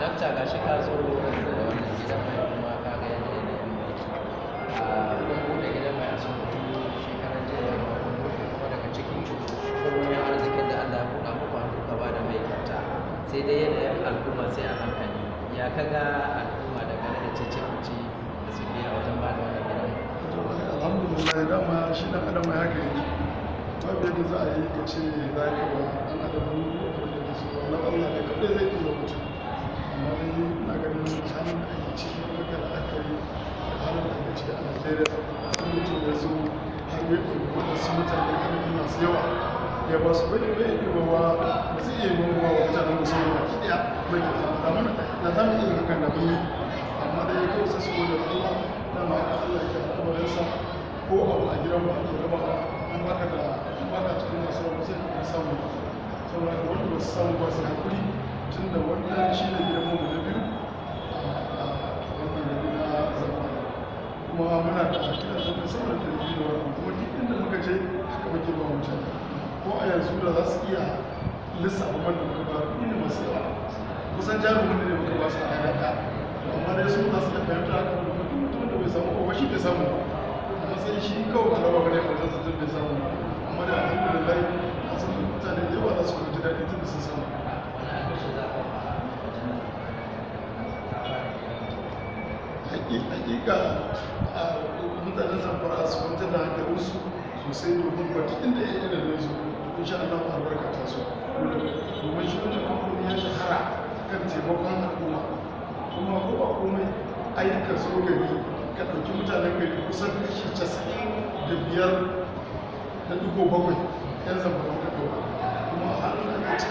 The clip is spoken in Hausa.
dakta ga shi ka zo da wannan gidan mai kuma ka ga yadda yi ah, mulki, a kun buɗe gidan mai a sokoto shekaran jiya ya kuma kun buɗe kuma daga cikin kurmin arzikin da Allah ya buɗa muku an kuka ba da mai kyauta sai dai yanayin al'umma sai a hankali ya ka ga al'umma dangane da cece ce da suke a wajen ba da wannan gidan alhamdulillah dama shi dan adam ya haka yake babu yadda za a yi ka ce za ka ba an adam ne da su wani abu ne kaɗai zai iya mutum amma dai na ganin halin da ake ciki maka da aka yi da halin da ake ciki a najeriya sun mutum ya zo har ya ɗauki waɗansu mutane yi masu yawa ya ba su bai bai ɗorawa ba zai iya noma wa mutanen da sun yi baki ɗaya bai da ta mana da za mu iya hakan da mun yi amma ya kawo sasu da Allah na ma Allah ya kawo kamarinsa ko abu a gidan ba a ɗora ba an baka da an baka cikin masu wani sai ka samu saboda ba su samu ba su da wannan shi ne girma mu na biyu wannan da biyu na zama kuma muna da kiran da mai saboda talabijin da wani kuma duk inda muka je haka muke ba wancan ko a yanzu da za su iya lissa lissafa wanda muka ba kuɗi da masu yawa kusan jarumin ne muka ba su a ranar da amma dai su za su da fahimta haka wanda duk mutum da bai samu ko shi bai samu amma sai shi kawai kalaba ne mutum da bai samu amma da hakika mutanen fara su na da su sosai domin ba duk inda ya yi da su in sha Allah albarka ta so domin shi wajen kamfani ya shahara kan taimakon al'umma kuma ko ba komai ayyuka so gari ka ɗauki mutanen gari kusan kashi casa'in da biyar na dubu bakwai yan zamfara da kuma a halin da